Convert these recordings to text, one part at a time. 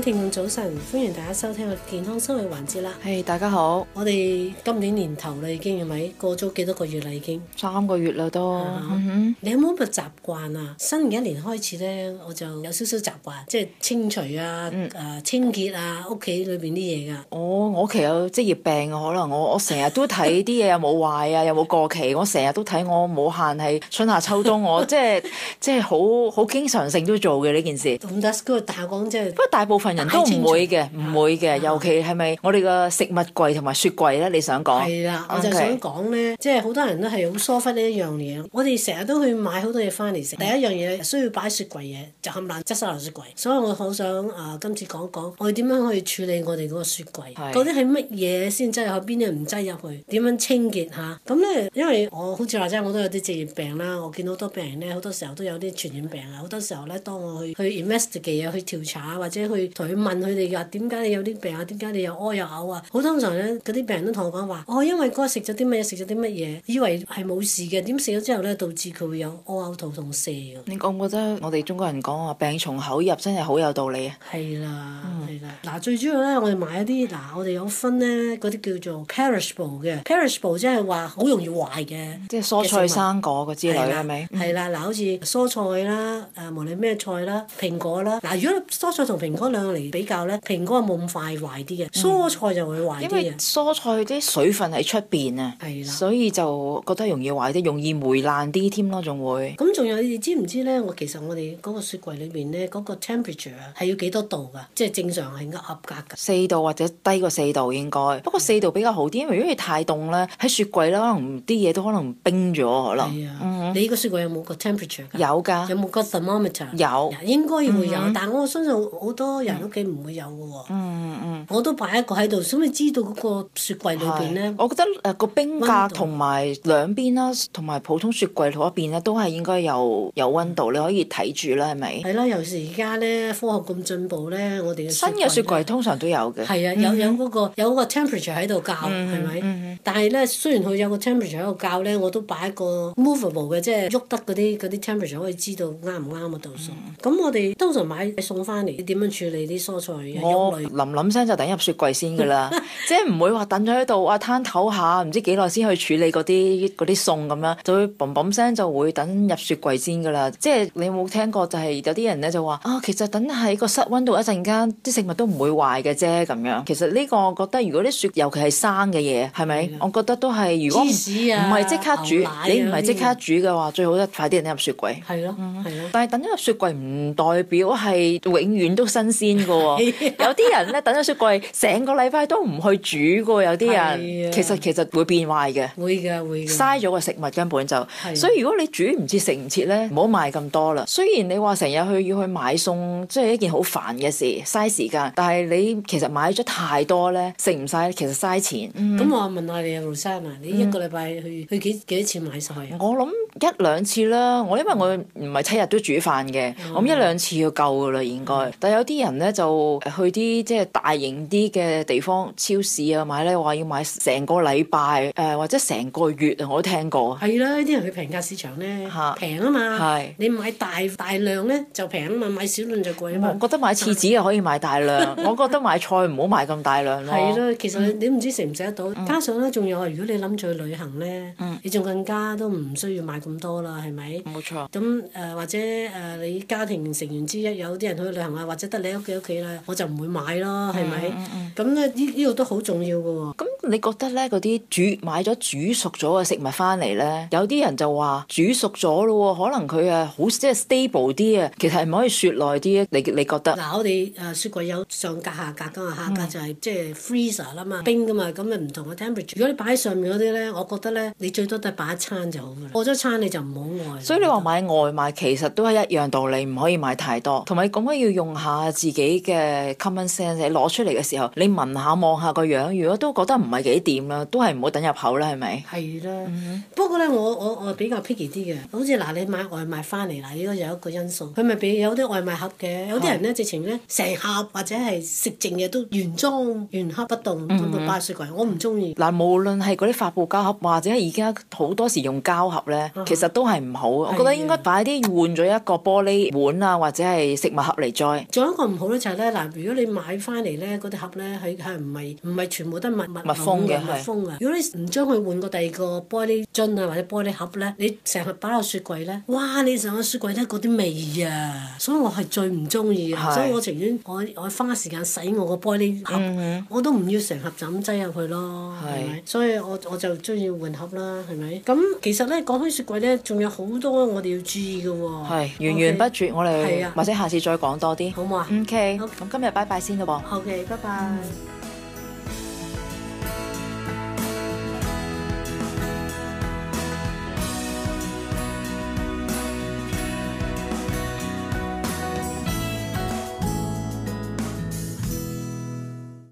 聽眾早晨，歡迎大家收聽我哋健康生活環節啦。係大家好，我哋今年年頭啦已經係咪？過咗幾多個月啦已經？三個月啦都。嗯哼。你有冇乜習慣啊？新年一年開始咧，我就有少少習慣，即係清除啊，誒清潔啊，屋企裏邊啲嘢噶。哦，我屋企有職業病嘅，可能我我成日都睇啲嘢有冇壞啊，有冇過期。我成日都睇，我冇限係春夏秋冬，我即係即係好好經常性都做嘅呢件事。咁 that's good，但係講即係，不過大部分。人都唔會嘅，唔會嘅、啊，尤其係咪我哋個食物櫃同埋雪櫃咧？你想講？係啦，我就想講咧，okay. 即係好多人都係好疏忽呢一樣嘢。我哋成日都去買好多嘢翻嚟食，第一樣嘢需要擺雪櫃嘢就冚唪唥擠曬落雪櫃。所以我好想啊、呃，今次講講我哋點樣去處理我哋嗰個雪櫃，嗰啲係乜嘢先擠入去，邊啲唔擠入去，點樣清潔吓？咁咧，因為我好似話齋，我都有啲職業病啦。我見好多病人咧，好多時候都有啲傳染病啊。好多時候咧，當我去去 invest 嘅嘢，去調查或者去同佢問佢哋㗎，點解你有啲病啊？點解你又屙又嘔啊？好通常咧，嗰啲病人都同我講話，哦，因為嗰日食咗啲乜嘢，食咗啲乜嘢，以為係冇事嘅，點食咗之後咧，導致佢會有屙、嘔、肚痛、瀉嘅。你覺唔覺得我哋中國人講話病從口入真係好有道理啊？係啦，係啦。嗱、嗯啊，最主要咧，我哋買一啲嗱、啊，我哋有分咧嗰啲叫做 perishable 嘅，perishable 即係話好容易壞嘅，即係蔬菜、生果嗰啲類係咪？係啦，嗱，好似、嗯啊、蔬菜啦，誒、啊，無論咩菜啦，蘋果啦，嗱、啊，如果蔬菜同蘋果嚟比較咧，蘋果冇咁快壞啲嘅、嗯，蔬菜就會壞啲嘅。因為蔬菜啲水分喺出邊啊，所以就覺得容易壞啲，容易霉爛啲添咯，仲會。咁仲有你哋知唔知咧？我其實我哋嗰個雪櫃裏邊咧，嗰、那個 temperature 係要幾多少度噶？即、就、係、是、正常係應該合格嘅。四度或者低過四度應該。不過四度比較好啲，因為如果太凍咧，喺雪櫃咧可能啲嘢都了可能冰咗可能。嗯。你依個雪櫃有冇個 temperature？有㗎。有冇個 thermometer？有。應該會有，嗯、但我相信好多。嗯、人屋企唔會有嘅喎、哦嗯，嗯嗯，我都擺一個喺度，想唔知，知道嗰個雪櫃裏邊咧？我覺得誒個冰格同埋兩邊啦，同埋普通雪櫃嗰一邊咧，都係應該有有溫度，你可以睇住啦，係咪？係咯，尤其是而家咧，科學咁進步咧，我哋新嘅雪櫃通常都有嘅。係啊，有有嗰、那個、嗯、有嗰 temperature 喺度校，係、嗯、咪、嗯嗯？但係咧，雖然佢有個 temperature 喺度校咧，我都擺一個 movable 嘅，即係喐得嗰啲啲 temperature 可以知道啱唔啱嘅度數。咁、嗯、我哋通常買餸翻嚟，你點樣處理？你啲蔬菜我淋淋聲就等入雪櫃先噶啦， 即係唔會話等咗喺度啊攤透下，唔知幾耐先去處理嗰啲啲餸咁樣，就會嘣嘣聲就會等入雪櫃先噶啦，即係你有冇聽過就係、是、有啲人咧就話啊、哦、其實等喺個室温度一陣間啲食物都唔會壞嘅啫咁樣，其實呢個我覺得如果啲雪尤其係生嘅嘢，係咪？我覺得都係如果唔唔係即刻煮，你唔係即刻煮嘅話，最好咧快啲人入雪櫃。係咯、嗯，但係等咗入雪櫃唔代表係永遠都新鮮。邊 有啲人咧等咗雪櫃，成個禮拜都唔去煮嘅。有啲人其實其實會變壞嘅，會嘅會嘅，嘥咗個食物根本就。所以如果你煮唔切食唔切咧，唔好買咁多啦。雖然你話成日去要去買餸，即係一件好煩嘅事，嘥時間。但係你其實買咗太多咧，食唔晒，其實嘥錢。咁、嗯、我問下你阿盧啊，Roussana，你一個禮拜去、嗯、去幾幾多錢買菜？我諗一兩次啦。我因為我唔係七日都煮飯嘅，咁、嗯、一兩次要夠嘅啦，應該。嗯、但係有啲人。咧就去啲即係大型啲嘅地方超市啊買咧，話要買成個禮拜誒，或者成個月啊，我都聽過。係啦，呢啲人去平價市場咧平啊嘛，你買大大量咧就平啊嘛，買少量就貴啊嘛。我覺得買廁紙又可以買大量， 我覺得買菜唔好買咁大量咯。係咯，其實不你唔知食唔食得到，加上咧仲有，如果你諗住去旅行咧、嗯，你仲更加都唔需要買咁多啦，係咪？冇錯。咁誒、呃、或者誒、呃、你家庭成員之一有啲人去旅行啊，或者得你。屋企咧，我就唔會買咯，係咪？咁、嗯、咧，呢呢個都好重要嘅喎、哦。咁你覺得咧，嗰啲煮買咗煮熟咗嘅食物翻嚟咧，有啲人就話煮熟咗咯喎，可能佢誒好即係 stable 啲啊，其實係唔可以雪耐啲咧。你你覺得？嗱，我哋誒雪櫃有上格下格噶嘛，下格就係、是嗯、即係 freezer 啊嘛，冰噶嘛，咁誒唔同嘅 temperature。如果你擺喺上面嗰啲咧，我覺得咧，你最多都係擺一餐就好嘅，過咗餐你就唔好外。所以你話買外賣其實都係一樣道理，唔可以買太多，同埋講緊要用一下自己。己嘅 common sense，你攞出嚟嘅時候，你聞下望下個樣，如果都覺得唔係幾掂啦，都係唔好等入口啦，係咪？係啦、嗯。不過咧，我我我比較 picky 啲嘅，好似嗱，你買外賣翻嚟嗱，呢個有一個因素，佢咪俾有啲外賣盒嘅，有啲人咧直情咧成盒或者係食剩嘢都原裝原盒不動咁咪擺喺雪櫃，嗯、我唔中意。嗱、啊，無論係嗰啲發泡膠盒或者而家好多時用膠盒咧、啊，其實都係唔好是。我覺得應該快啲換咗一個玻璃碗啊，或者係食物盒嚟再做一個。好多就係咧嗱，如果你買翻嚟咧，嗰啲盒咧係係唔係唔係全部都密密封嘅，密封嘅。如果你唔將佢換過第二個玻璃樽啊，或者玻璃盒咧、啊，你成日擺落雪櫃咧，哇！你成個雪櫃咧嗰啲味啊，所以我係最唔中意。所以我情願我我花時間洗我個玻璃盒，嗯、我都唔要成盒就咁擠入去咯，係咪？所以我我就中意換盒啦，係咪？咁其實咧講開雪櫃咧，仲有好多我哋要注意嘅喎、哦。係源源不絕，okay，我哋或者下次再講多啲，好唔好嘛？嗯。OK，咁今日拜拜先咯。OK，好，拜拜。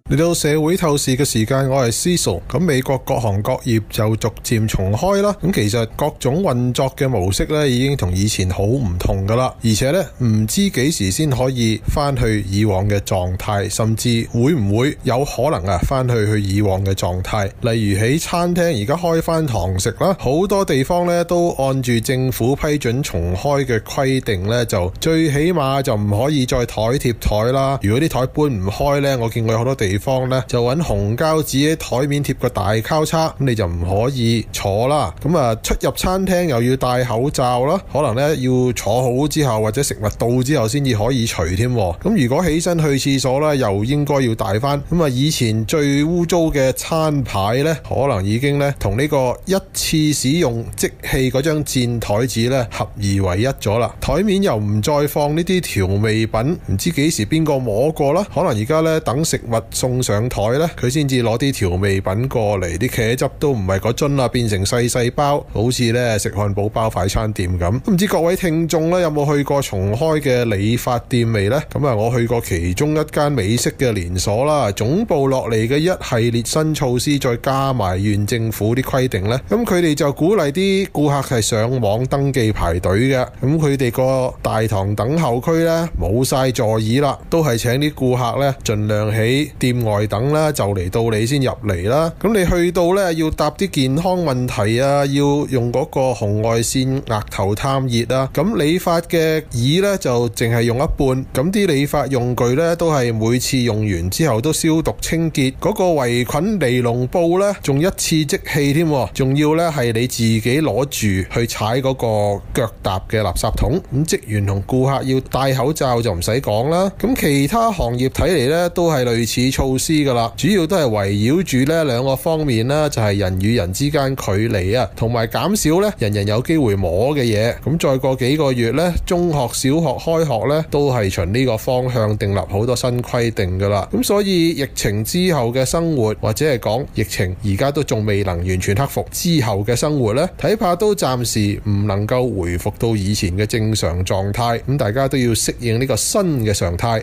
嚟到社會透視嘅時間，我係 Cicel。咁美國各行各業就逐漸重開啦。咁其實各種運作嘅模式咧，已經同以前好唔同噶啦。而且咧，唔知幾時先可以翻去以往嘅狀態，甚至會唔會有可能啊翻去去以往嘅狀態？例如喺餐廳而家開翻堂食啦，好多地方咧都按住政府批准重開嘅規定咧，就最起碼就唔可以再台貼台啦。如果啲台搬唔開咧，我見過有好多地方。方咧就揾紅膠紙喺台面貼個大交叉，咁你就唔可以坐啦。咁啊出入餐廳又要戴口罩啦，可能咧要坐好之後或者食物到之後先至可以除添。咁如果起身去廁所咧，又應該要戴返。咁啊以前最污糟嘅餐牌呢，可能已經呢同呢個一次使用即棄嗰張墊台紙呢合二為一咗啦。台面又唔再放呢啲調味品，唔知幾時邊個摸過啦。可能而家呢，等食物，送上台呢，佢先至攞啲調味品過嚟，啲茄汁都唔係個樽啦，變成細細包，好似咧食漢堡包快餐店咁。唔知各位聽眾咧有冇去過重開嘅理髮店未呢？咁啊，我去過其中一間美式嘅連鎖啦，總部落嚟嘅一系列新措施，再加埋縣政府啲規定呢。咁佢哋就鼓勵啲顧客係上網登記排隊嘅。咁佢哋個大堂等候區呢，冇晒座椅啦，都係請啲顧客呢，盡量喺店外等啦，就嚟到你先入嚟啦。咁你去到咧，要答啲健康問題啊，要用嗰個紅外線額頭探熱啊。咁理髮嘅椅咧就淨係用一半。咁啲理髮用具咧都係每次用完之後都消毒清潔。嗰個圍菌尼龍布咧，仲一次即棄添，仲要咧係你自己攞住去踩嗰個腳踏嘅垃圾桶。咁職員同顧客要戴口罩就唔使講啦。咁其他行業睇嚟咧都係類似措施噶啦，主要都係圍繞住呢兩個方面啦，就係人與人之間距離啊，同埋減少咧人人有機會摸嘅嘢。咁再過幾個月呢，中學、小學開學呢，都係循呢個方向訂立好多新規定噶啦。咁所以疫情之後嘅生活，或者係講疫情而家都仲未能完全克服之後嘅生活呢，睇怕都暫時唔能夠回復到以前嘅正常狀態。咁大家都要適應呢個新嘅常態。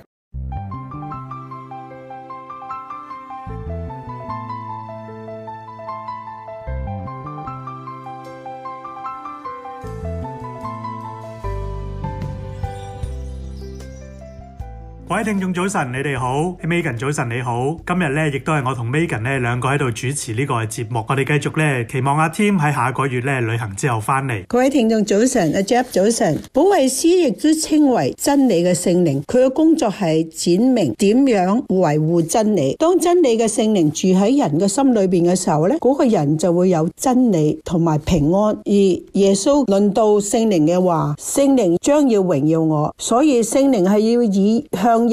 聽眾早晨，你哋好 Hey，Megan 早晨你好，今日咧亦都係我同 Megan 咧兩個喺度主持呢個節目，我哋繼續咧期望阿 Tim 喺下個月咧旅行之後翻嚟。各位聽眾早晨，阿 Jeff 早晨，保惠師亦都稱為真理嘅聖靈，佢嘅工作係展明點樣維護真理。當真理嘅聖靈住喺人嘅心裏邊嘅時候咧，嗰個人就會有真理同埋平安。而耶穌論到聖靈嘅話，聖靈將要榮耀我，所以聖靈係要以向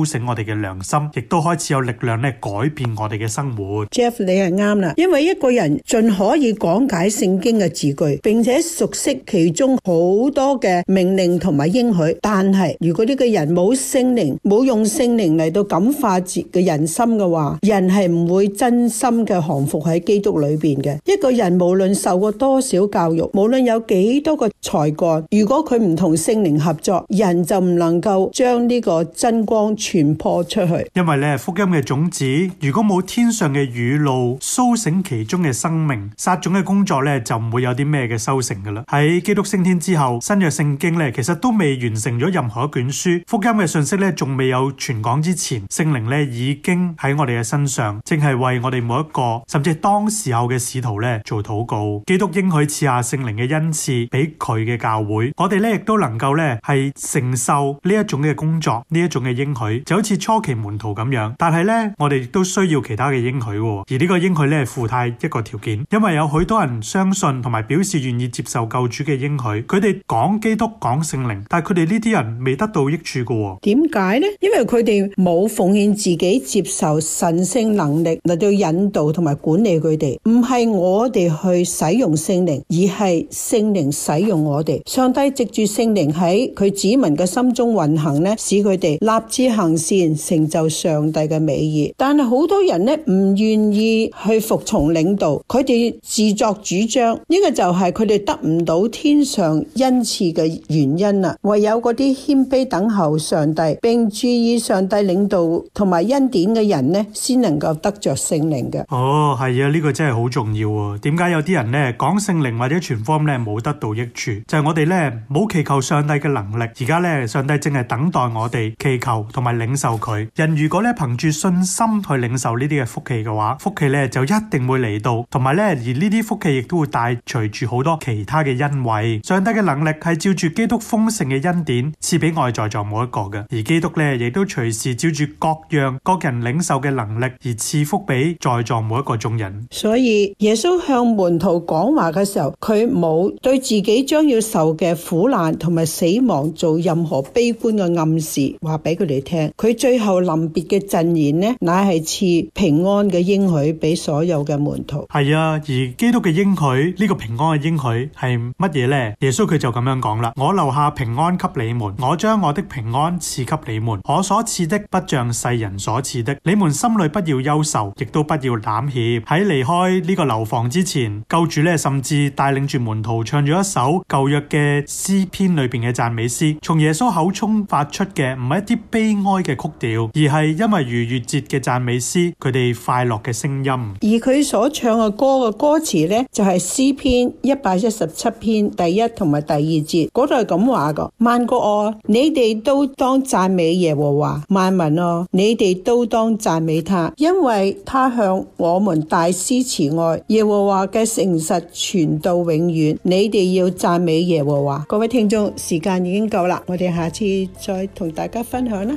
喚醒我哋嘅良心，亦都開始有力量咧改變我哋嘅生活。Jeff，你係啱啦，因為一個人盡可以講解聖經嘅字句，並且熟悉其中好多嘅命令同埋應許，但係如果呢個人冇聖靈，冇用聖靈嚟到感化住嘅人心嘅話，人係唔會真心嘅降服喺基督裏邊嘅。一個人無論受過多少教育，無論有幾多個才幹，如果佢唔同聖靈合作，人就唔能夠將呢個真光。傳播出去，因為咧福音嘅種子，如果冇天上嘅雨露蘇醒其中嘅生命，撒種嘅工作咧就唔會有啲咩嘅收成噶啦。喺基督升天之後，新約聖經咧其實都未完成咗任何一卷書，福音嘅信息咧仲未有傳講之前，聖靈咧已經喺我哋嘅身上，正係為我哋每一個甚至係當時候嘅使徒咧做禱告。基督應許賜下聖靈嘅恩賜俾佢嘅教會，我哋咧亦都能夠咧係承受呢一種嘅工作，呢一種嘅應許。就好似初期門徒咁樣，但係呢，我哋亦都需要其他嘅應許喎，而呢個應許呢，係附帶一個條件，因為有許多人相信同埋表示願意接受救主嘅應許，佢哋講基督，講聖靈，但係佢哋呢啲人未得到益處㗎喎，點解呢？因為佢哋冇奉獻自己接受神聖能力，嚟到引導同埋管理佢哋，唔係我哋去使用聖靈，而係聖靈使用我哋，上帝藉住聖靈喺佢子民嘅心中運行呢，使佢哋立志行善成就上帝嘅美意，但係好多人咧唔願意去服從領導，佢哋自作主張，呢個就係佢哋得唔到天上恩賜嘅原因啦。唯有嗰啲謙卑等候上帝，並注意上帝領導同埋恩典嘅人咧，先能夠得着聖靈嘅。哦，係啊，呢個真係好重要啊！點解有啲人咧講聖靈或者傳福音咧冇得到益處？就係我哋咧冇祈求上帝嘅能力，而家咧上帝正係等待我哋祈求同埋領受佢人，如果咧憑住信心去領受呢啲嘅福氣嘅話，福氣咧就一定會嚟到，同埋咧而呢啲福氣亦都會帶隨住好多其他嘅恩惠。上帝嘅能力係照住基督豐盛嘅恩典賜俾外在在座每一個嘅，而基督咧亦都隨時照住各樣各人領受嘅能力而賜福俾在座每一個眾人。所以耶穌向門徒講話嘅時候，佢冇對自己將要受嘅苦難同埋死亡做任何悲觀嘅暗示，話俾佢哋聽。佢最後臨別嘅贈言呢，乃係賜平安嘅應許俾所有嘅門徒。係啊，而基督嘅應許呢個平安嘅應許係乜嘢呢？耶穌佢就咁樣講啦：，我留下平安給你們，我將我的平安賜給你們，我所賜的不像世人所賜的。你們心裏不要憂愁，亦都不要膽怯。喺離開呢個樓房之前，救主呢甚至帶領住門徒唱咗一首舊約嘅詩篇裏邊嘅讚美詩，從耶穌口中發出嘅唔係一啲悲哀。開嘅曲調，而係因為逾越節嘅讚美詩，佢哋快樂嘅聲音。而佢所唱嘅歌嘅歌詞呢，就係、是、詩篇一百一十七篇第一同埋第二節嗰度係咁話嘅：萬國哦、啊，你哋都當讚美耶和華；萬民哦、啊，你哋都當讚美他，因為他向我們大施慈愛。耶和華嘅誠實傳到永遠，你哋要讚美耶和華。各位聽眾，時間已經夠啦，我哋下次再同大家分享啦。